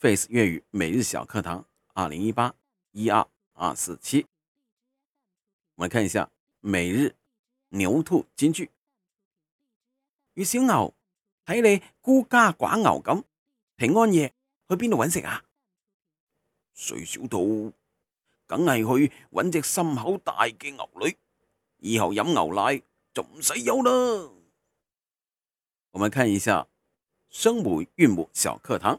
Face 粵語每日小課堂，二零一八一二二四七，我們看一下每日牛兔珍珠與小牛，睇你孤家寡牛咁，平安夜去邊度搵食啊？睡小兔，梗係去搵隻心口大嘅牛女，以後飲牛奶就唔使憂啦。我們看一下聲母韻母小課堂。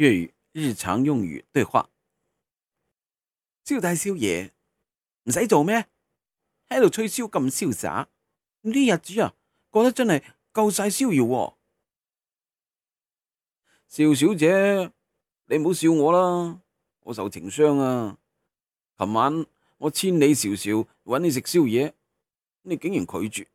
粵語日常用語對話，蕭大少爺唔使做咩？喺度吹簫咁瀟灑，呢日子啊過得真係夠晒逍遙喎。邵小姐，你唔好笑我啦，我受情傷啊！琴晚我千里迢迢揾你食宵夜，你竟然拒絕。